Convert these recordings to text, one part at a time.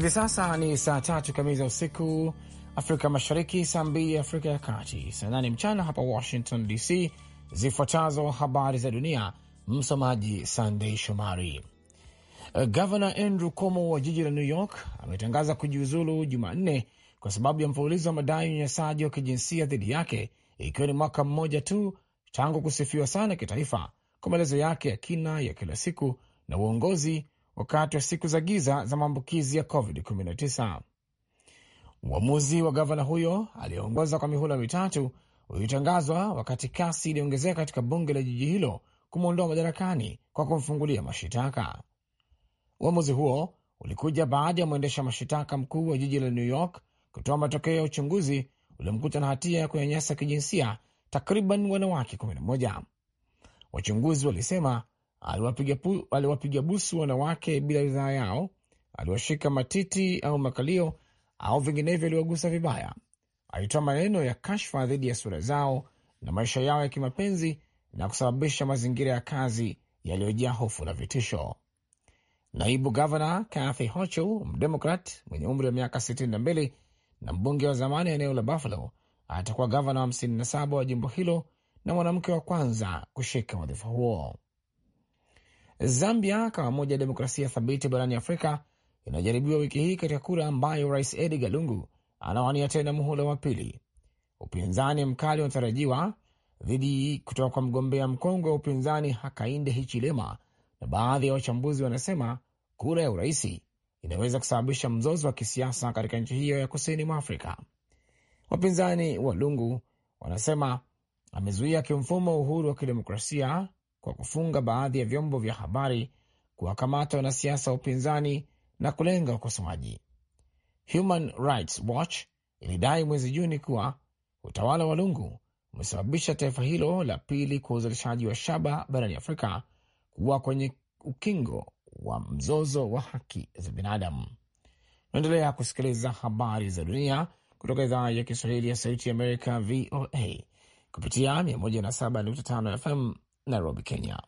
Hivi sasa ni saa tatu kamili za usiku Afrika Mashariki, saa mbili Afrika ya Kati, saa nane mchana hapa Washington DC. Zifuatazo habari za dunia, msomaji Sandei Shomari. Gavana Andrew Cuomo wa jiji la New York ametangaza kujiuzulu Jumanne kwa sababu ya mfululizo wa madai ya unyanyasaji wa kijinsia dhidi yake, ikiwa ni mwaka mmoja tu tangu kusifiwa sana kitaifa kwa maelezo yake ya kina ya kila siku na uongozi wakati wa siku za giza za maambukizi ya COVID-19. Uamuzi wa gavana huyo aliyeongoza kwa mihula mitatu ulitangazwa wakati kasi iliongezeka katika bunge la jiji hilo kumwondoa madarakani kwa kumfungulia mashitaka. Uamuzi huo ulikuja baada ya mwendesha mashitaka mkuu wa jiji la New York kutoa matokeo ya uchunguzi uliomkuta na hatia ya kunyanyasa kijinsia takriban wanawake 11. Wachunguzi walisema aliwapiga busu wanawake bila ridhaa yao, aliwashika matiti au makalio au vinginevyo aliwagusa vibaya. Alitoa maneno ya kashfa dhidi ya sura zao na maisha yao ya kimapenzi na kusababisha mazingira ya kazi yaliyojaa hofu na vitisho. Naibu gavana Kathy Hochul, mdemokrat mwenye umri wa miaka 62 na mbunge wa zamani eneo la Buffalo, atakuwa gavana wa 57 wa jimbo hilo na mwanamke wa kwanza kushika wadhifa huo. Zambia kama moja ya demokrasia thabiti barani Afrika inajaribiwa wiki hii katika kura ambayo rais Edgar Lungu anawania tena muhula wa pili. Upinzani mkali unatarajiwa dhidi kutoka kwa mgombea mkongwe wa upinzani Hakainde Hichilema, na baadhi ya wachambuzi wanasema kura ya uraisi inaweza kusababisha mzozo wa kisiasa katika nchi hiyo ya kusini mwa Afrika. Wapinzani wa Lungu wanasema amezuia kimfumo uhuru wa kidemokrasia kwa kufunga baadhi ya vyombo vya habari, kuwakamata wanasiasa wa upinzani na kulenga wakosoaji. Human Rights Watch ilidai mwezi Juni kuwa utawala wa Lungu umesababisha taifa hilo la pili kwa uzalishaji wa shaba barani Afrika kuwa kwenye ukingo wa mzozo wa haki za binadamu. Naendelea kusikiliza habari za dunia kutoka idhaa ya Kiswahili ya Sauti ya Amerika, VOA, kupitia 107.5 FM Nairobi, Kenya.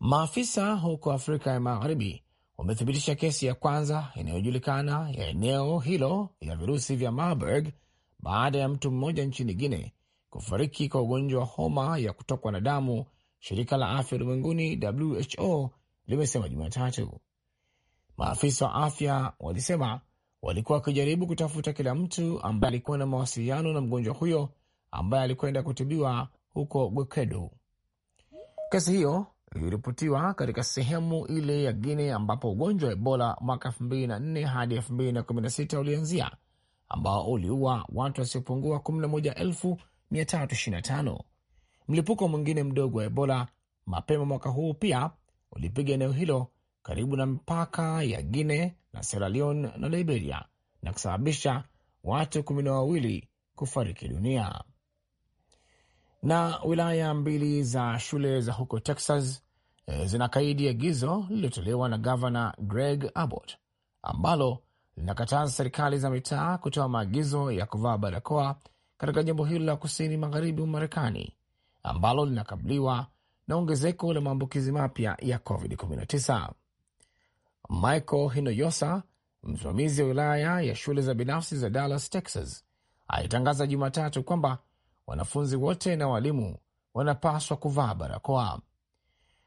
Maafisa huko Afrika ya Magharibi wamethibitisha kesi ya kwanza inayojulikana ya eneo hilo ya virusi vya Marburg baada ya mtu mmoja nchini Guine kufariki kwa ugonjwa wa homa ya kutokwa na damu, shirika la afya ulimwenguni WHO limesema Jumatatu. Maafisa wa afya walisema walikuwa wakijaribu kutafuta kila mtu ambaye alikuwa na mawasiliano na mgonjwa huyo ambaye alikwenda kutibiwa huko Gwekedo. Kesi hiyo iliripotiwa katika sehemu ile ya Guine ambapo ugonjwa wa Ebola mwaka elfu mbili na nne hadi elfu mbili na kumi na sita ulianzia ambao uliua watu wasiopungua tano. Mlipuko mwingine mdogo wa Ebola mapema mwaka huu pia ulipiga eneo hilo karibu na mpaka ya Guine na Sierra Leone na Liberia na kusababisha watu kumi na wawili kufariki dunia. Na wilaya mbili za shule za huko Texas e, zinakaidi agizo lililotolewa na gavana Greg Abbott ambalo linakataza serikali za mitaa kutoa maagizo ya kuvaa barakoa katika jimbo hilo la kusini magharibi mwa Marekani ambalo linakabiliwa na ongezeko la maambukizi mapya ya COVID-19. Michael Hinoyosa, msimamizi wa wilaya ya shule za binafsi za Dallas, Texas, alitangaza Jumatatu kwamba wanafunzi wote na walimu wanapaswa kuvaa barakoa.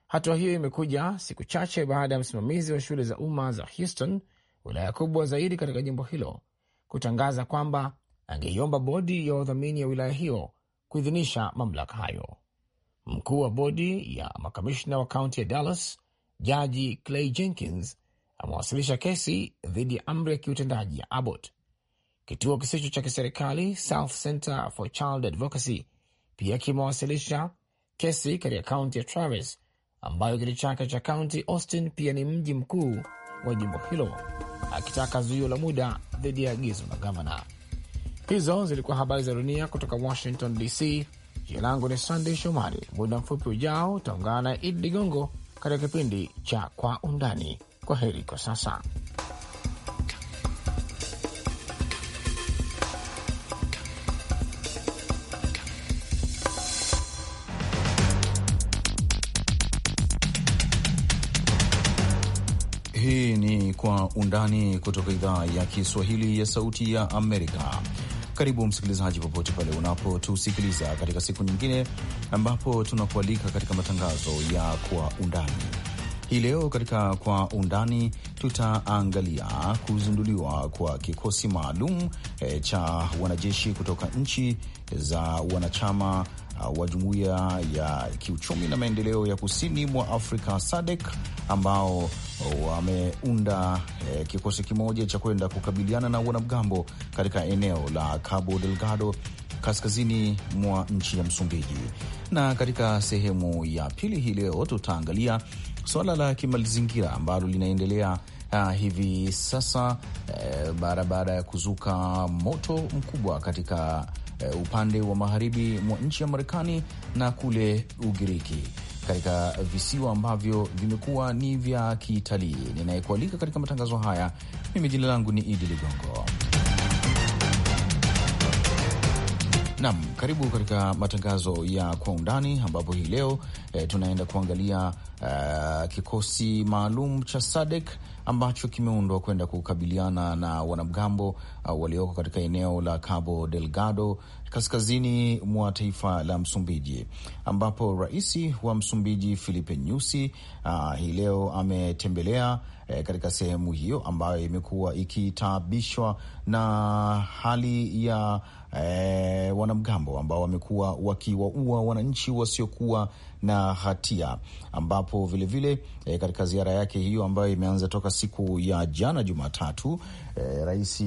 Hatua hiyo imekuja siku chache baada ya msimamizi wa shule za umma za Houston, wilaya kubwa zaidi katika jimbo hilo, kutangaza kwamba angeiomba bodi ya wadhamini ya wilaya hiyo kuidhinisha mamlaka hayo. Mkuu wa bodi ya makamishna wa kaunti ya Dallas, Jaji Clay Jenkins amewasilisha kesi dhidi ya amri ya kiutendaji ya Abbott Kituo kisicho cha kiserikali South Center for Child Advocacy pia kimewasilisha kesi katika kaunti ya Travis ambayo kiti chake cha kaunti Austin pia ni mji mkuu wa jimbo hilo, akitaka zuio la muda dhidi ya agizo la gavana. Hizo zilikuwa habari za dunia kutoka Washington DC. Jina langu ni Sandey Shomari. Muda mfupi ujao utaungana na Idi Ligongo katika kipindi cha Kwa Undani. Kwa heri kwa sasa. undani kutoka idhaa ya Kiswahili ya Sauti ya Amerika. Karibu msikilizaji, popote pale unapotusikiliza katika siku nyingine ambapo tunakualika katika matangazo ya kwa undani. Hii leo katika kwa undani tutaangalia kuzinduliwa kwa kikosi maalum e, cha wanajeshi kutoka nchi za wanachama Uh, wa jumuiya ya kiuchumi na maendeleo ya kusini mwa Afrika SADC ambao wameunda eh, kikosi kimoja cha kwenda kukabiliana na wanamgambo katika eneo la Cabo Delgado kaskazini mwa nchi ya Msumbiji. Na katika sehemu ya pili hii leo tutaangalia suala la kimazingira ambalo linaendelea uh, hivi sasa eh, baada ya kuzuka moto mkubwa katika uh, upande wa magharibi mwa nchi ya Marekani na kule Ugiriki katika visiwa ambavyo vimekuwa ni vya kitalii. Ninayekualika katika matangazo haya mimi, jina langu ni Idi Ligongo. Nam, karibu katika matangazo ya kwa undani ambapo hii leo e, tunaenda kuangalia uh, kikosi maalum cha SADC ambacho kimeundwa kwenda kukabiliana na wanamgambo uh, walioko katika eneo la Cabo Delgado kaskazini mwa taifa la Msumbiji, ambapo rais wa Msumbiji Filipe Nyusi uh, hii leo ametembelea uh, katika sehemu hiyo ambayo imekuwa ikitaabishwa na hali ya e, wanamgambo ambao wamekuwa wakiwaua wananchi wasiokuwa na hatia, ambapo vilevile vile, e, katika ziara yake hiyo ambayo imeanza toka siku ya jana Jumatatu, e, Rais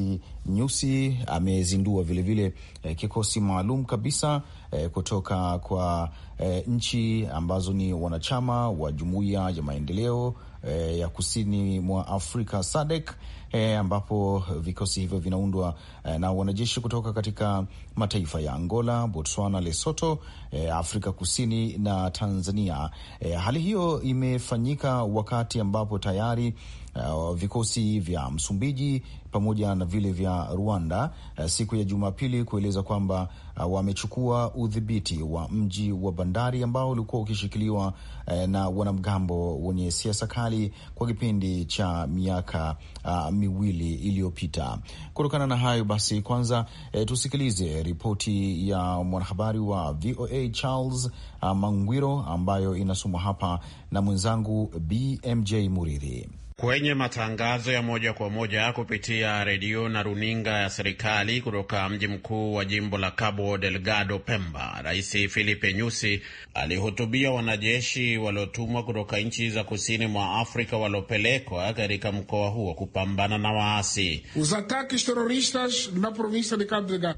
Nyusi amezindua vilevile e, kikosi maalum kabisa e, kutoka kwa e, nchi ambazo ni wanachama wa Jumuiya ya Maendeleo eh, ya kusini mwa Afrika SADC eh, ambapo vikosi hivyo vinaundwa eh, na wanajeshi kutoka katika mataifa ya Angola, Botswana, Lesotho, eh, Afrika Kusini na Tanzania. Eh, hali hiyo imefanyika wakati ambapo tayari uh, vikosi vya Msumbiji pamoja na vile vya Rwanda uh, siku ya Jumapili kueleza kwamba uh, wamechukua udhibiti wa mji wa bandari ambao ulikuwa ukishikiliwa uh, na wanamgambo wenye siasa kali kwa kipindi cha miaka uh, miwili iliyopita. Kutokana na hayo basi, kwanza uh, tusikilize ripoti ya mwanahabari wa VOA Charles uh, Mangwiro ambayo inasomwa hapa na mwenzangu BMJ Muridhi kwenye matangazo ya moja kwa moja kupitia redio na runinga ya serikali kutoka mji mkuu wa jimbo la Cabo Delgado, Pemba, Rais Filipe Nyusi alihutubia wanajeshi waliotumwa kutoka nchi za kusini mwa Afrika waliopelekwa katika mkoa huo kupambana na waasi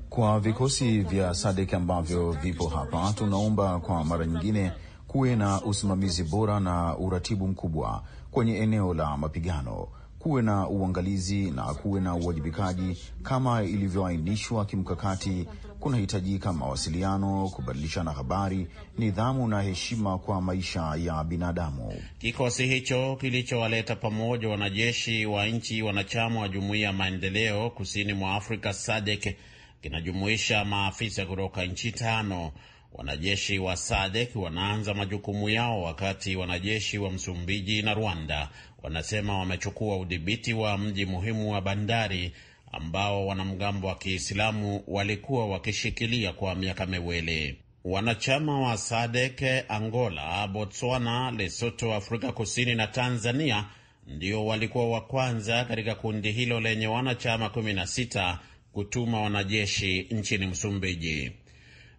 kwa vikosi vya SADEK ambavyo vipo hapa. Tunaomba kwa mara nyingine kuwe na usimamizi bora na uratibu mkubwa kwenye eneo la mapigano, kuwe na uangalizi na kuwe na uwajibikaji kama ilivyoainishwa kimkakati. Kunahitajika mawasiliano, kubadilishana habari, nidhamu na heshima kwa maisha ya binadamu. Kikosi hicho kilichowaleta pamoja wanajeshi wa nchi wanachama wa Jumuiya ya Maendeleo Kusini mwa Afrika SADC kinajumuisha maafisa kutoka nchi tano Wanajeshi wa SADC wanaanza majukumu yao wakati wanajeshi wa Msumbiji na Rwanda wanasema wamechukua udhibiti wa mji muhimu wa bandari ambao wanamgambo wa Kiislamu walikuwa wakishikilia kwa miaka miwili. Wanachama wa SADC Angola, Botswana, lesoto Afrika Kusini na Tanzania ndio walikuwa wa kwanza katika kundi hilo lenye wanachama 16 kutuma wanajeshi nchini Msumbiji.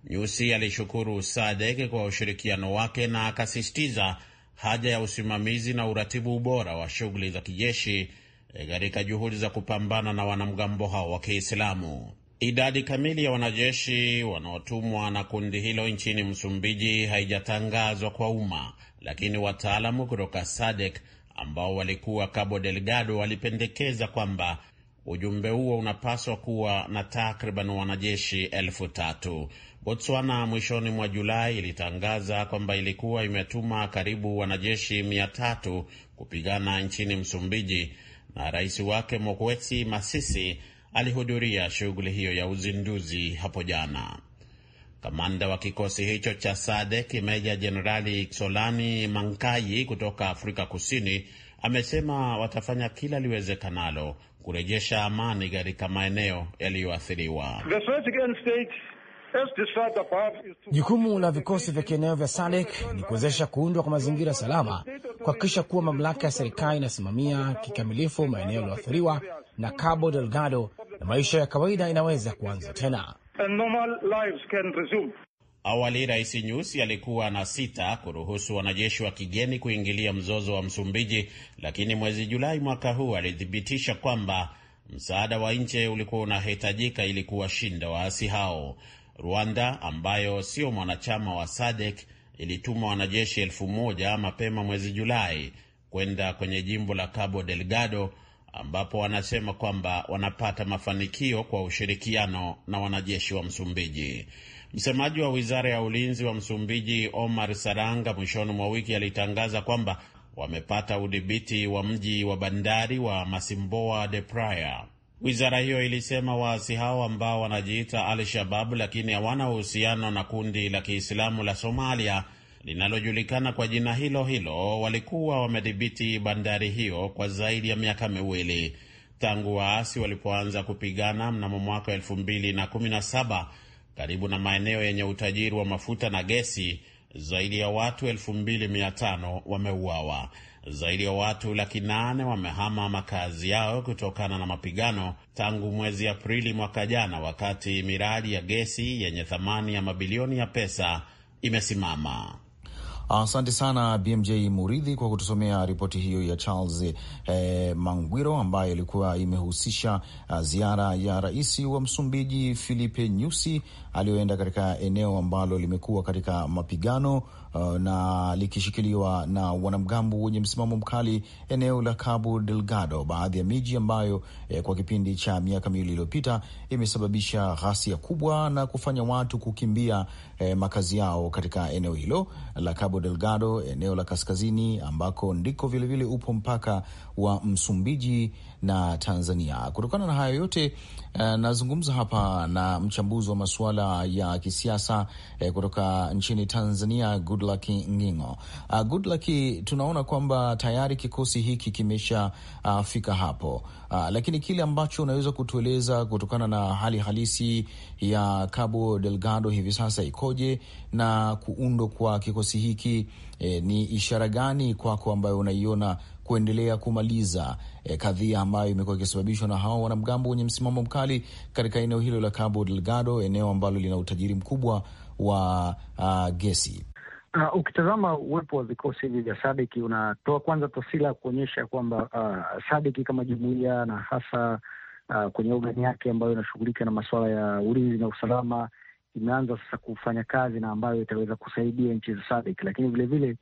Nyusi alishukuru Sadek kwa ushirikiano wake na akasisitiza haja ya usimamizi na uratibu bora wa shughuli za kijeshi eh, katika juhudi za kupambana na wanamgambo hao wa Kiislamu. Idadi kamili ya wanajeshi wanaotumwa na kundi hilo nchini Msumbiji haijatangazwa kwa umma, lakini wataalamu kutoka Sadek ambao walikuwa Cabo Delgado walipendekeza kwamba ujumbe huo unapaswa kuwa na takriban wanajeshi elfu tatu. Botswana mwishoni mwa Julai ilitangaza kwamba ilikuwa imetuma karibu wanajeshi mia tatu kupigana nchini Msumbiji, na rais wake Mokwesi Masisi alihudhuria shughuli hiyo ya uzinduzi hapo jana. Kamanda wa kikosi hicho cha sadek Meja Jenerali solani Mankayi kutoka Afrika Kusini amesema watafanya kila liwezekanalo kurejesha amani katika maeneo yaliyoathiriwa. Jukumu la vikosi vya kieneo vya SADC ni kuwezesha kuundwa kwa mazingira salama, kuhakikisha kuwa mamlaka ya serikali inasimamia kikamilifu maeneo yaliyoathiriwa na Cabo Delgado na maisha ya kawaida inaweza kuanza tena. Awali Rais Nyusi alikuwa na sita kuruhusu wanajeshi wa kigeni kuingilia mzozo wa Msumbiji, lakini mwezi Julai mwaka huu alithibitisha kwamba msaada wa nje ulikuwa unahitajika ili kuwashinda waasi hao. Rwanda ambayo sio mwanachama wa SADC ilituma wanajeshi elfu moja mapema mwezi Julai kwenda kwenye jimbo la Cabo Delgado ambapo wanasema kwamba wanapata mafanikio kwa ushirikiano na wanajeshi wa Msumbiji. Msemaji wa wizara ya ulinzi wa Msumbiji, Omar Saranga, mwishoni mwa wiki alitangaza kwamba wamepata udhibiti wa mji wa bandari wa Masimboa de Praia. Wizara hiyo ilisema waasi hao ambao wanajiita Al Shabab lakini hawana uhusiano na kundi la Kiislamu la Somalia linalojulikana kwa jina hilo hilo walikuwa wamedhibiti bandari hiyo kwa zaidi ya miaka miwili tangu waasi walipoanza kupigana mnamo mwaka 2017 karibu na maeneo yenye utajiri wa mafuta na gesi. Zaidi ya watu 2500 wameuawa. Zaidi ya watu laki nane wamehama makazi yao kutokana na mapigano tangu mwezi Aprili mwaka jana, wakati miradi ya gesi yenye thamani ya mabilioni ya pesa imesimama. Asante sana BMJ Muridhi kwa kutusomea ripoti hiyo ya Charles eh, Mangwiro ambayo ilikuwa imehusisha uh, ziara ya rais wa Msumbiji Filipe Nyusi aliyoenda katika eneo ambalo limekuwa katika mapigano uh, na likishikiliwa na wanamgambo wenye msimamo mkali eneo la Cabo Delgado, baadhi ya miji ambayo eh, kwa kipindi cha miaka miwili iliyopita imesababisha ghasia kubwa na kufanya watu kukimbia eh, makazi yao katika eneo hilo la Cabo Delgado, eneo la kaskazini ambako ndiko vilevile upo mpaka wa Msumbiji na Tanzania. Kutokana na hayo yote uh, nazungumza hapa na mchambuzi wa masuala ya kisiasa eh, kutoka nchini Tanzania, Goodluck Ngingo. Uh, Goodluck, tunaona kwamba tayari kikosi hiki kimesha uh, fika hapo uh, lakini kile ambacho unaweza kutueleza kutokana na hali halisi ya Cabo Delgado hivi sasa ikoje na kuundwa kwa kikosi hiki eh, ni ishara gani kwako ambayo unaiona kuendelea kumaliza e, kadhia ambayo imekuwa ikisababishwa na hawa wanamgambo wenye msimamo mkali katika eneo hilo la Cabo Delgado, eneo ambalo lina utajiri mkubwa wa a, ah, gesi. Uh, ukitazama uwepo wa vikosi hivi vya Sadiki unatoa kwanza taswira ya kuonyesha kwamba uh, Sadiki kama jumuiya na hasa uh, kwenye ogani yake ambayo inashughulika na masuala ya ulinzi na usalama imeanza sasa kufanya kazi na ambayo itaweza kusaidia nchi za Sadiki, lakini vilevile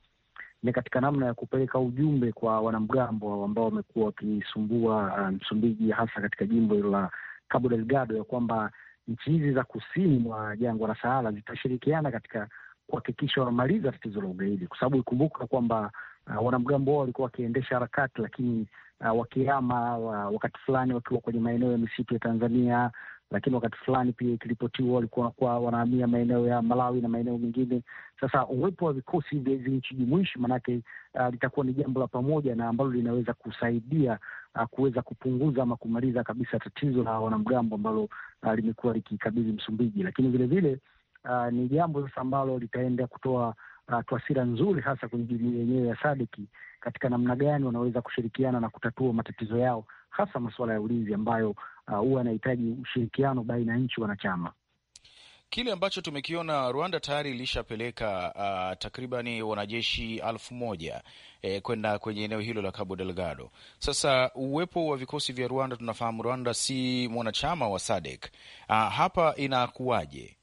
ni katika namna ya kupeleka ujumbe kwa wanamgambo ambao wamekuwa wakisumbua uh, Msumbiji, hasa katika jimbo hilo la Cabo Delgado, ya kwamba nchi hizi za kusini mwa jangwa la Sahara zitashirikiana katika kuhakikisha wanamaliza tatizo la ugaidi, kwa sababu ikumbuka kwamba uh, wanamgambo wao walikuwa wakiendesha harakati lakini uh, wakihama uh, wakati fulani wakiwa kwenye maeneo ya misitu ya Tanzania lakini wakati fulani pia ikiripotiwa walikuwa wanakuwa wanahamia maeneo ya Malawi na maeneo mengine. Sasa uwepo wa vikosi vya hizi nchi jumuishi maanake uh, litakuwa ni jambo la pamoja na ambalo linaweza kusaidia uh, kuweza kupunguza ama kumaliza kabisa tatizo la wanamgambo ambalo uh, limekuwa likikabidhi Msumbiji, lakini vilevile uh, ni jambo sasa ambalo litaenda kutoa uh, taswira nzuri hasa kwenye jumuia yenyewe ya Sadiki katika namna gani wanaweza kushirikiana na kutatua matatizo yao hasa masuala ya ulinzi ambayo Uh, huwa anahitaji ushirikiano baina ya nchi wanachama. Kile ambacho tumekiona Rwanda tayari ilishapeleka uh, takribani wanajeshi alfu moja eh, kwenda kwenye eneo hilo la Cabo Delgado. Sasa uwepo wa vikosi vya Rwanda, tunafahamu Rwanda si mwanachama wa SADC. Uh, hapa inakuwaje?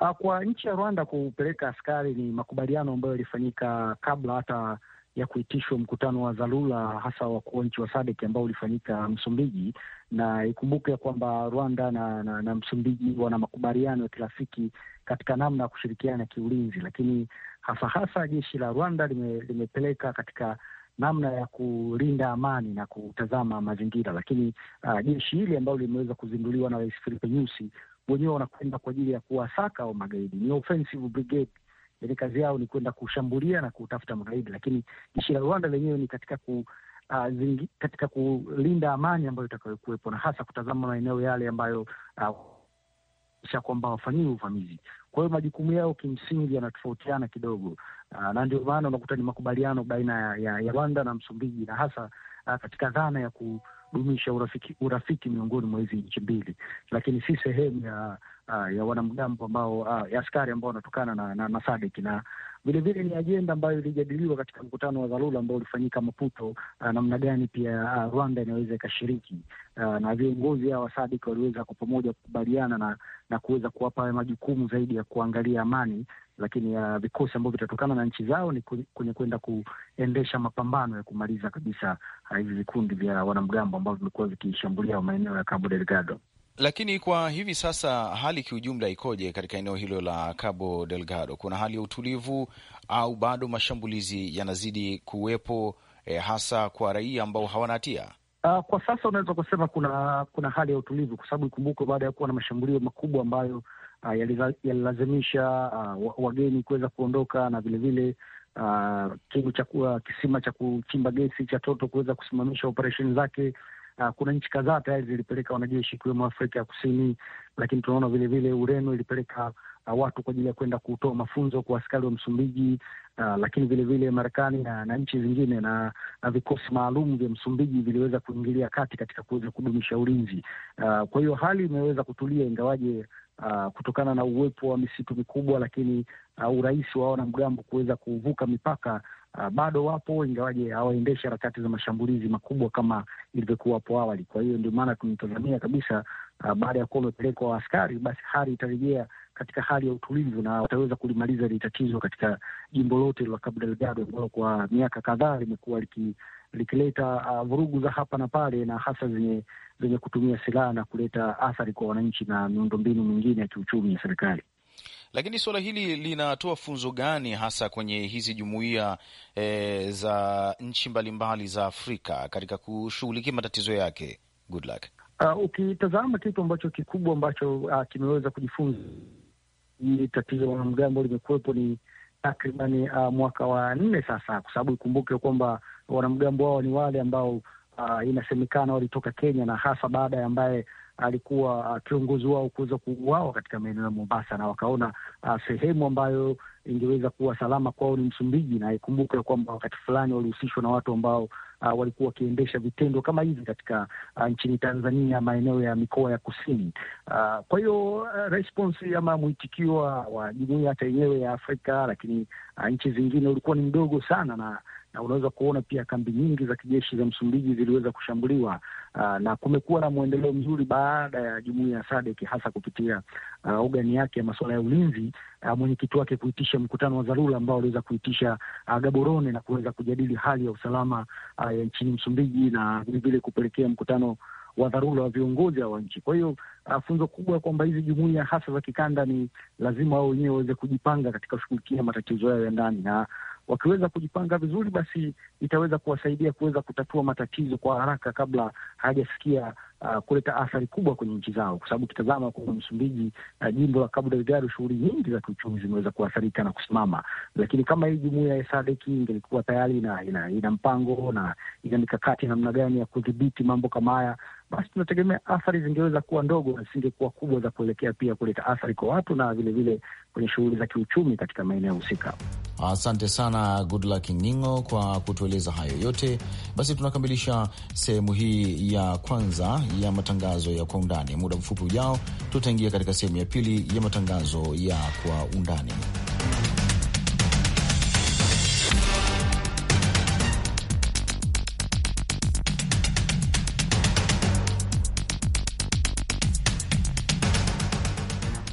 Uh, kwa nchi ya Rwanda kupeleka askari ni makubaliano ambayo yalifanyika kabla hata ya kuitishwa mkutano wa dharura hasa wakuu wa nchi wa SADC ambao ulifanyika Msumbiji, na ikumbuke kwamba Rwanda na, na, na Msumbiji wana makubaliano ya kirafiki katika namna ya kushirikiana kiulinzi, lakini hasa hasa jeshi la Rwanda lime, limepeleka katika namna ya kulinda amani na kutazama mazingira, lakini uh, jeshi hili ambalo limeweza kuzinduliwa na Rais Filipe Nyusi wenyewe wanakwenda kwa ajili ya kuwasaka au magaidi, ni offensive brigade yaani kazi yao ni kwenda kushambulia na kutafuta magaidi, lakini jeshi la Rwanda lenyewe ni katika ku Uh, zingi, katika kulinda amani ambayo itakayokuwepo na hasa kutazama maeneo yale ambayo ah, sha uh, kwamba wafanyii uvamizi. Kwa hiyo majukumu yao kimsingi yanatofautiana kidogo, uh, na ndio maana unakuta ni makubaliano baina ya, ya Rwanda na Msumbiji na hasa uh, katika dhana ya kudumisha urafiki, urafiki miongoni mwa hizi nchi mbili, lakini si sehemu ya uh, ya wanamgambo ambao uh, ya askari ambao wanatokana na, na, na Sadek na vile vile ni ajenda ambayo ilijadiliwa katika mkutano wa dharura ambao ulifanyika Maputo, uh, namna gani pia uh, Rwanda inaweza ikashiriki, uh, na viongozi hawa wa Sadek waliweza kwa pamoja kukubaliana na, na kuweza kuwapa majukumu zaidi ya kuangalia amani lakini uh, vikosi ambavyo vitatokana na nchi zao ni kwenye kwenda kuendesha mapambano ya kumaliza kabisa hivi uh, vikundi vya wanamgambo ambavyo vimekuwa vikishambulia maeneo ya Cabo Delgado. Lakini kwa hivi sasa hali kiujumla ikoje katika eneo hilo la Cabo Delgado? Kuna hali ya utulivu au bado mashambulizi yanazidi kuwepo, eh, hasa kwa raia ambao hawana hatia? Uh, kwa sasa unaweza kusema kuna kuna hali ya utulivu kwa sababu ikumbukwe, baada ya kuwa na mashambulio makubwa ambayo uh, yalilazimisha uh, wageni kuweza kuondoka na vilevile uh, kisima cha kuchimba gesi cha Toto kuweza kusimamisha operesheni zake Uh, kuna nchi kadhaa tayari zilipeleka wanajeshi ikiwemo Afrika ya Kusini, lakini tunaona vilevile Ureno ilipeleka uh, watu kwa ajili ya kwenda kutoa mafunzo kwa askari wa Msumbiji. Uh, lakini vilevile Marekani na, na nchi zingine na, na vikosi maalum vya Msumbiji viliweza kuingilia kati katika kuweza kudumisha ulinzi. Uh, kwa hiyo hali imeweza kutulia ingawaje Uh, kutokana na uwepo wa misitu mikubwa lakini uh, urahisi wa wanamgambo kuweza kuvuka mipaka uh, bado wapo ingawaje hawaendeshi harakati za mashambulizi makubwa kama ilivyokuwa hapo awali. Kwa hiyo ndio maana tunatazamia kabisa uh, baada ya kuwa wamepelekwa askari, basi hali itarejea katika hali ya utulivu na wataweza kulimaliza hili tatizo katika jimbo lote la Cabo Delgado ambalo kwa miaka kadhaa limekuwa liki likileta uh, vurugu za hapa na pale na hasa zenye zenye kutumia silaha na kuleta athari kwa wananchi na miundombinu mingine ya kiuchumi ya serikali. Lakini suala hili linatoa funzo gani hasa kwenye hizi jumuiya e, za nchi mbalimbali za Afrika katika kushughulikia matatizo yake? Good luck. Uh, ukitazama kitu ambacho kikubwa ambacho uh, kimeweza kujifunza hili tatizo la wanamgambo limekuwepo ni takriban uh, mwaka wa nne sasa, kwa sababu ikumbuke kwamba wanamgambo wao ni wale ambao uh, inasemekana walitoka Kenya na hasa baada ya ambaye alikuwa uh, kiongozi wao kuweza kuuawa katika maeneo ya Mombasa, na wakaona uh, sehemu ambayo ingeweza kuwa salama kwao ni Msumbiji, na ikumbuke kwamba wakati fulani walihusishwa na watu ambao Uh, walikuwa wakiendesha vitendo kama hivi katika uh, nchini Tanzania maeneo ya mikoa ya kusini. Uh, kwa hiyo uh, response ama mwitikio wa jumuia hata yenyewe ya Afrika, lakini uh, nchi zingine ulikuwa ni mdogo sana, na na unaweza kuona pia kambi nyingi za kijeshi za Msumbiji ziliweza kushambuliwa uh, na kumekuwa na mwendeleo mzuri baada ya jumuia ya SADC hasa kupitia uh, ah, ogani yake ya masuala ya ulinzi uh, mwenyekiti wake kuitisha mkutano wa dharura ambao aliweza kuitisha uh, Gaborone na kuweza kujadili hali ya usalama uh, ya nchini Msumbiji na vilevile kupelekea mkutano wa dharura wa viongozi wa nchi. Kwa hiyo uh, funzo kubwa kwamba hizi jumuia hasa za kikanda ni lazima wao wenyewe waweze kujipanga katika kushughulikia matatizo yao ya ndani, na wakiweza kujipanga vizuri, basi itaweza kuwasaidia kuweza kutatua matatizo kwa haraka kabla hajafikia uh, kuleta athari kubwa kwenye nchi zao, kwa sababu ukitazama kwa Msumbiji, uh, jimbo la Cabo Delgado, shughuli nyingi za kiuchumi zimeweza kuathirika na kusimama. Lakini kama hii jumuia ya SADC ingelikuwa tayari ina, ina, ina mpango na ina mikakati namna gani ya kudhibiti mambo kama haya basi tunategemea athari zingeweza kuwa ndogo na zisingekuwa kubwa za kuelekea pia kuleta athari kwa watu na vilevile vile kwenye shughuli za kiuchumi katika maeneo husika. Asante sana Goodluck Ngingo kwa kutueleza hayo yote. Basi tunakamilisha sehemu hii ya kwanza ya matangazo ya kwa undani. Muda mfupi ujao, tutaingia katika sehemu ya pili ya matangazo ya kwa undani.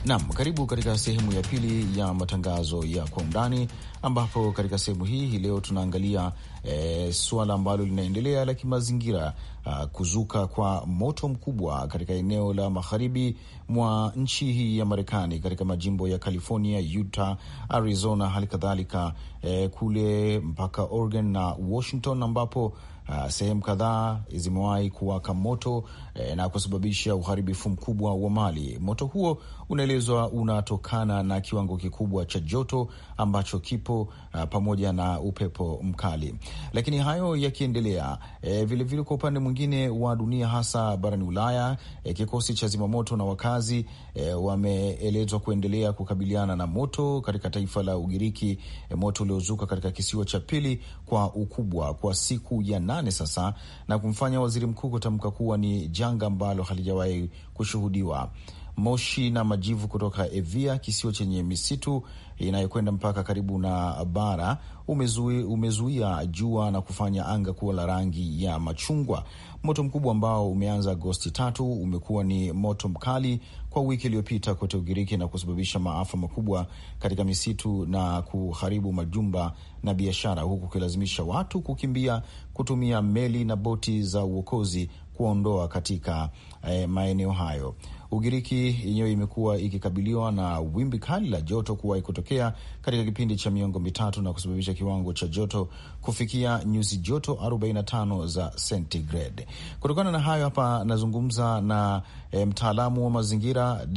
Nam, karibu katika sehemu ya pili ya matangazo ya kwa undani, ambapo katika sehemu hii hii leo tunaangalia e, suala ambalo linaendelea la kimazingira, ah, kuzuka kwa moto mkubwa katika eneo la magharibi mwa nchi hii ya Marekani, katika majimbo ya California, Utah, Arizona, hali kadhalika e, kule mpaka Oregon na Washington ambapo Uh, sehemu kadhaa zimewahi kuwaka moto eh, na kusababisha uharibifu mkubwa wa mali. Moto huo unaelezwa unatokana na kiwango kikubwa cha joto ambacho kipo uh, pamoja na upepo mkali. Lakini hayo yakiendelea, eh, vilevile eh, kwa upande mwingine wa dunia, hasa barani Ulaya, eh, kikosi cha zimamoto na wakazi eh, wameelezwa kuendelea kukabiliana na moto katika taifa la Ugiriki, eh, moto uliozuka katika kisiwa cha pili kwa ukubwa kwa siku ya nane sasa na kumfanya waziri mkuu kutamka kuwa ni janga ambalo halijawahi kushuhudiwa moshi na majivu kutoka Evia, kisiwa chenye misitu inayokwenda mpaka karibu na bara umezui, umezuia jua na kufanya anga kuwa la rangi ya machungwa. Moto mkubwa ambao umeanza Agosti tatu umekuwa ni moto mkali kwa wiki iliyopita kote Ugiriki na kusababisha maafa makubwa katika misitu na kuharibu majumba na biashara, huku ukilazimisha watu kukimbia kutumia meli na boti za uokozi kuondoa katika eh, maeneo hayo. Ugiriki yenyewe imekuwa ikikabiliwa na wimbi kali la joto kuwahi kutokea katika kipindi cha miongo mitatu na kusababisha kiwango cha joto kufikia nyuzi joto 45 za sentigrade. Kutokana na hayo, hapa nazungumza na e, mtaalamu wa mazingira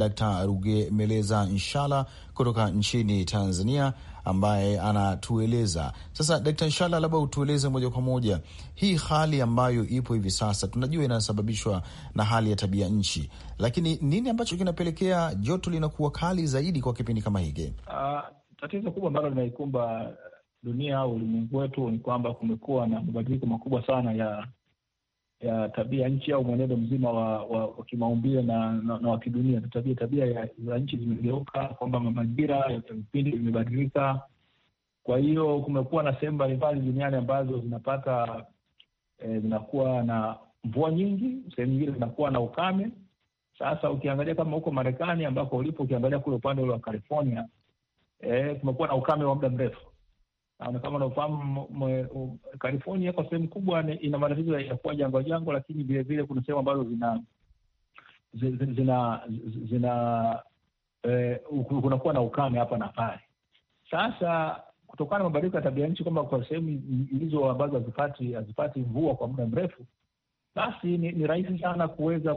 ruge meleza Nshala kutoka nchini Tanzania ambaye anatueleza sasa. Dkt. Nshala, labda utueleze moja kwa moja hii hali ambayo ipo hivi sasa. Tunajua inasababishwa na hali ya tabia nchi, lakini nini ambacho kinapelekea joto linakuwa kali zaidi kwa kipindi kama hiki? Uh, tatizo kubwa ambalo linaikumba dunia au ulimwengu wetu ni kwamba kumekuwa na mabadiliko makubwa sana ya ya tabia nchi au mwenendo mzima wa, wa, wa kimaumbile na, na, na wa kidunia. Tabia tabia za nchi zimegeuka, kwamba majira ya vipindi vimebadilika. Kwa hiyo kumekuwa na sehemu mbalimbali duniani ambazo zinapata eh, zinakuwa na mvua nyingi, sehemu nyingine zinakuwa na ukame. Sasa ukiangalia kama huko Marekani ambako ulipo, ukiangalia kule upande ule wa California eh, kumekuwa na ukame wa muda mrefu Ah, na kama unaofahamu California kwa sehemu kubwa ina matatizo ya kuwa jangwa jangwa, lakini vile vile kuna sehemu ambazo zina zina zina eh, kunakuwa na ukame hapa na pale. Sasa kutokana na mabadiliko ya tabia nchi, kwamba kwa sehemu hizo ambazo hazipati hazipati mvua kwa muda mrefu, basi ni, ni rahisi sana kuweza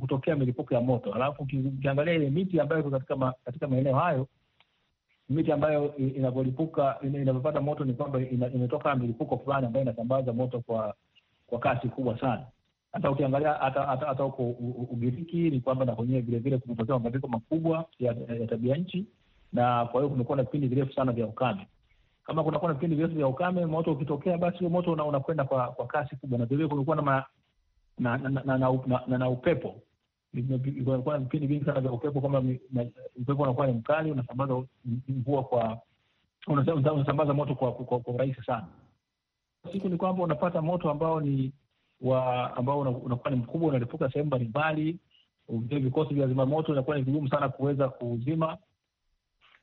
kutokea milipuko ya moto. Alafu ukiangalia ile miti ambayo iko katika ma, katika maeneo hayo miti ambayo inavyolipuka inavyopata moto ni kwamba imetoka milipuko fulani ambayo inasambaza moto kwa kwa kasi kubwa sana. Hata ukiangalia hata huko Ugiriki ni kwamba na kwenyewe vilevile kumetokea mabadiliko makubwa ya, ya tabia nchi, na kwa hiyo kumekuwa na vipindi virefu sana vya ukame. Kama kunakuwa na vipindi virefu vya ukame, moto ukitokea, basi moto unakwenda una kwa, kwa kasi kubwa, na vilevile kumekuwa na na, na, na, na, na, na, na upepo imekuwa na vipindi vingi sana vya upepo, kama upepo unakuwa ni mkali, unasambaza mvua kwa unasambaza moto kwa, kwa, kwa urahisi sana. Siku ni kwamba unapata moto ambao ni wa ambao unakuwa ni mkubwa, unalipuka sehemu mbalimbali. vile Vikosi vya zima moto inakuwa ni vigumu sana kuweza kuzima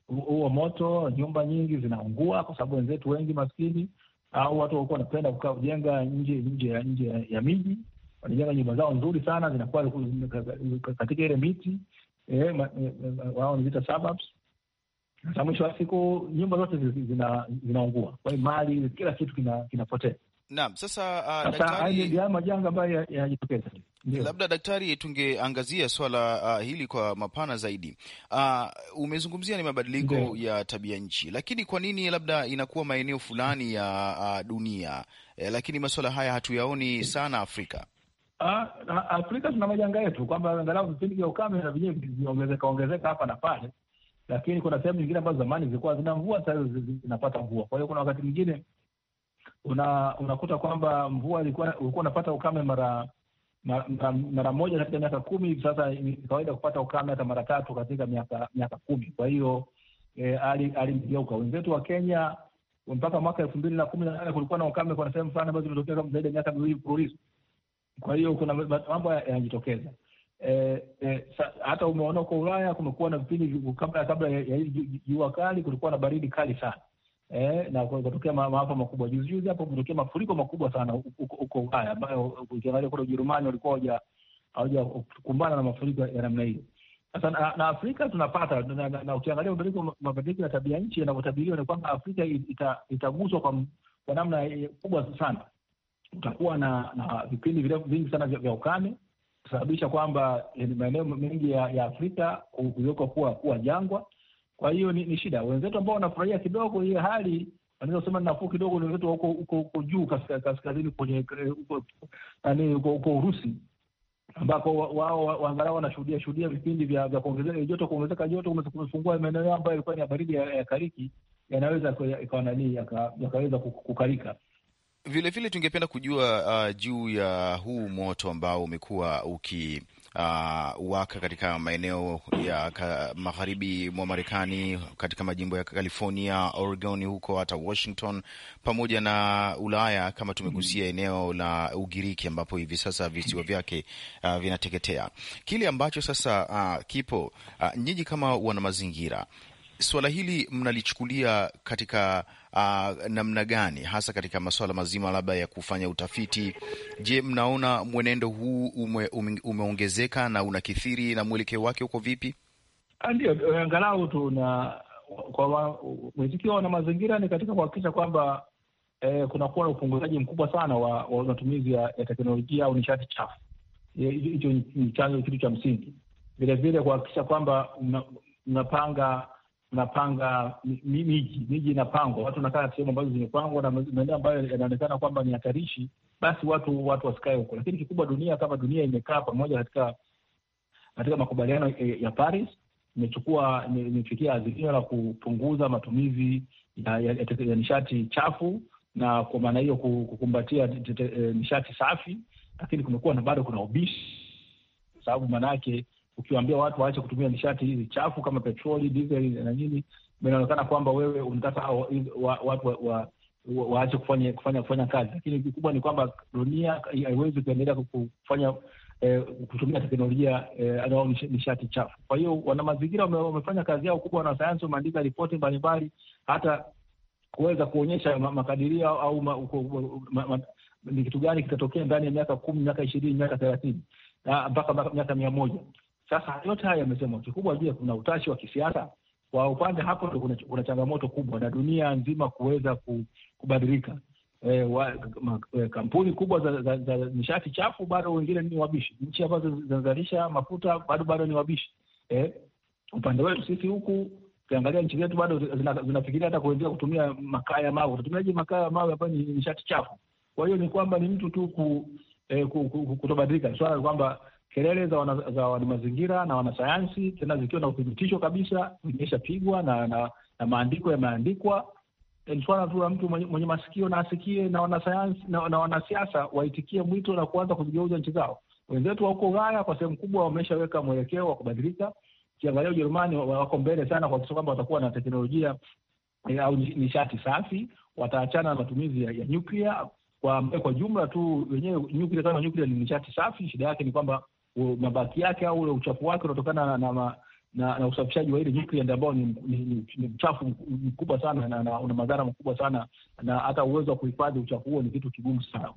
huo moto. Nyumba nyingi zinaungua kwa sababu wenzetu wengi maskini au watu walikuwa wanapenda kukaa kujenga nje nje nje ya miji wanajenga nyumba zao nzuri sana zinakuwa katika ile miti eh, eh, eh, wao wanaziita suburbs. Sasa mwisho wa siku nyumba zote zina, zinaungua, kwa hiyo mali, kila kitu kinapotea Naam, sasa uh, daktari, majanga ambayo yanajitokeza Ndiyo. labda daktari, tungeangazia swala uh, hili kwa mapana zaidi. Uh, umezungumzia ni mabadiliko Ndiyo. ya tabia nchi, lakini kwa nini labda inakuwa maeneo fulani ya uh, dunia eh, lakini masuala haya hatuyaoni sana Afrika? Ah, ah, Afrika tuna majanga yetu kwamba angalau vipindi vya ukame na vyenyewe vimeongezeka ongezeka hapa na pale, lakini kuna sehemu nyingine ambazo zamani zilikuwa zina mvua, sasa zinapata mvua. Kwa hiyo kuna wakati mwingine una, unakuta kwamba mvua ilikuwa ulikuwa unapata ukame mara mara, mara moja katika miaka kumi. sasa ni kawaida kupata ukame hata mara tatu katika miaka miaka kumi. Kwa hiyo eh, alimgeuka aligeuka. wenzetu wa Kenya mpaka mwaka elfu mbili na kumi na nane kulikuwa na ukame, kwa sehemu fulani ambazo zimetokea zaidi ya miaka miwili mfululizo. Kwa hiyo kuna mambo yanajitokeza e, e, hata umeona huko Ulaya kumekuwa na vipindi kabla kabla ya hili jua kali, kulikuwa na baridi kali sana e, na kutokea maafa makubwa. Juzi juzi hapo kutokea mafuriko makubwa sana huko Ulaya, ambayo ukiangalia kule Ujerumani walikuwa kukumbana na mafuriko ya namna hiyo. Sasa na, na Afrika tunapata na, na, na na ukiangalia mabadiliko mabadiliko ya tabia nchi yanavyotabiriwa ni kwamba Afrika itaguswa ita kwa, kwa namna eh, kubwa sana utakuwa na, na vipindi virefu vingi sana vya, vya ukame kusababisha kwamba maeneo mengi ya, ya Afrika kuwekwa kuwa, kuwa jangwa. Kwa hiyo ni, ni shida. Wenzetu ambao wanafurahia kidogo hiyo hali wanaweza kusema nafuu kidogo, ni wenzetu huko huko huko juu kaskazini kwenye huko huko Urusi ambako wao angalau wanashuhudia shuhudia vipindi vya vya kuongezeka joto kuongezeka joto kumefungua maeneo yao ambayo yalikuwa ni ya baridi ya, ya kariki yanaweza ikawa nanii yakaweza kukarika vilevile tungependa kujua uh, juu ya huu moto ambao umekuwa uki Uh, waka katika maeneo ya ka, magharibi mwa Marekani katika majimbo ya California, Oregon huko hata Washington pamoja na Ulaya, kama tumegusia mm-hmm. eneo la Ugiriki ambapo hivi sasa visiwa vyake uh, vinateketea. Kile ambacho sasa uh, kipo uh, nyinyi kama wana mazingira, suala hili mnalichukulia katika uh, namna gani hasa katika masuala mazima labda ya kufanya utafiti? Je, mnaona mwenendo huu ume, ume, umeongezeka na unakithiri na mwelekeo wake uko vipi? Ah, ndio, eh, angalau na kwa mwitikio wa mazingira ni katika kuhakikisha kwamba eh, kunakuwa na upunguzaji mkubwa sana wa, wa matumizi ya, ya teknolojia au nishati chafu. Eh, hicho ni chanzo kitu cha msingi. Vilevile kuhakikisha kwamba mnapanga napanga miji miji inapangwa, watu wanakaa sehemu ambazo zimepangwa na maeneo ambayo yanaonekana kwamba ni hatarishi, basi watu watu wasikae huko. Lakini kikubwa dunia kama dunia imekaa pamoja katika katika makubaliano e, ya Paris, imechukua imefikia azimio la kupunguza matumizi ya, ya, ya, ya nishati chafu na kwa maana hiyo kukumbatia e, e, nishati safi, lakini kumekuwa na bado kuna ubishi, sababu maana ukiwaambia watu waache kutumia nishati hizi chafu kama petroli, dizeli na nini, inaonekana kwamba wewe unataka wa, wa, watu wa, wa, waache kufanya kufanya kufanya kazi, lakini kikubwa ni kwamba dunia haiwezi kuendelea kufanya eh, kutumia teknolojia eh, nishati chafu. Kwa hiyo wanamazingira wamefanya kazi yao kubwa, wanasayansi wameandika ripoti mbalimbali, hata kuweza kuonyesha makadirio au ma, ma, ma, ma, ni kitu gani kitatokea ndani ya miaka kumi, miaka ishirini, miaka thelathini mpaka miaka mia moja. Sasa yote haya yamesemwa, kikubwa je, kuna utashi wa kisiasa kwa upande hapo? Ndo kuna, kuna changamoto kubwa na dunia nzima kuweza kubadilika. E, wa, ma, e, kampuni kubwa za, za, za za nishati chafu bado wengine ni wabishi. Nchi ambazo zinazalisha mafuta bado bado ni wabishi. E, upande wetu sisi huku ukiangalia nchi zetu bado zinafikiria zina hata kuendelea kutumia makaa ya mawe. Utatumiaje makaa ya mawe ambayo ni nishati chafu? Kwa hiyo ni kwamba ni mtu tu ku, eh, ku, ku, kutobadilika. Swala ni kwamba kelele za, wana, za wanamazingira na wanasayansi tena zikiwa na uthibitisho kabisa imeshapigwa na, na, na maandiko yameandikwa. Ni swala tu la mtu mwenye, mwenye masikio na asikie, na wanasayansi na, na wanasiasa waitikie mwito na kuanza kuzigeuza nchi zao. Wenzetu wa huko Ulaya kwa sehemu kubwa wameshaweka mwelekeo wa kubadilika. Ukiangalia Ujerumani wako mbele sana kwa kuhakikisha kwamba watakuwa na teknolojia eh, au nishati safi, wataachana na matumizi ya, ya nyuklia kwa kwa jumla tu wenyewe nyuklia kama nyuklia ni nishati safi. Shida yake ni kwamba mabaki yake au ule uchafu wake unatokana na, na, na, na na usafishaji wa ile nutrient ambao ni, ni, ni, ni mchafu mkubwa sana na, na una madhara makubwa sana na hata uwezo wa kuhifadhi uchafu huo ni kitu kigumu sana.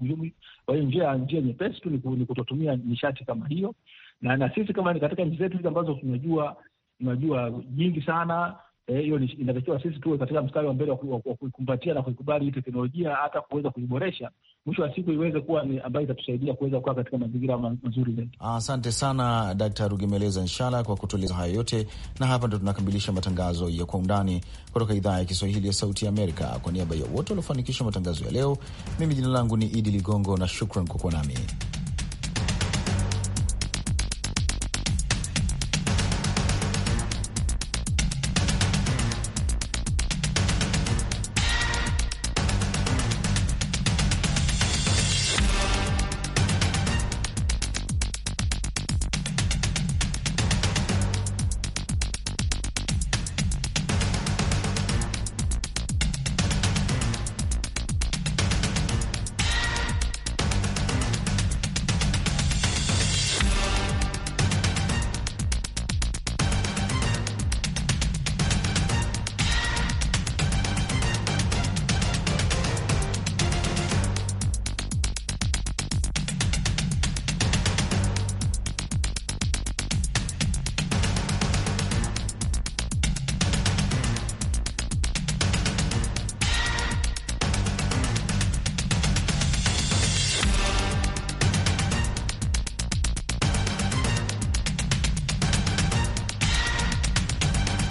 Kwa hiyo njia njia nyepesi tu ni kutotumia nishati kama hiyo, na na sisi kama ni katika nchi zetu hizi ambazo tunajua tunajua nyingi sana eh, hiyo eh, inatakiwa sisi tuwe katika mstari wa mbele wa kuikumbatia na kuikubali hii teknolojia hata kuweza kuiboresha mwisho wa siku iweze kuwa ni ambayo itatusaidia kuweza kuwa katika mazingira mazuri zaidi. Ah, asante sana Dakta Rugemeleza Nshala kwa kutueleza haya yote, na hapa ndo tunakamilisha matangazo ya Kwa Undani kutoka idhaa ya Kiswahili ya Sauti ya Amerika. Kwa niaba ya wote waliofanikisha matangazo ya leo, mimi jina langu ni Idi Ligongo na shukran kwa kuwa nami.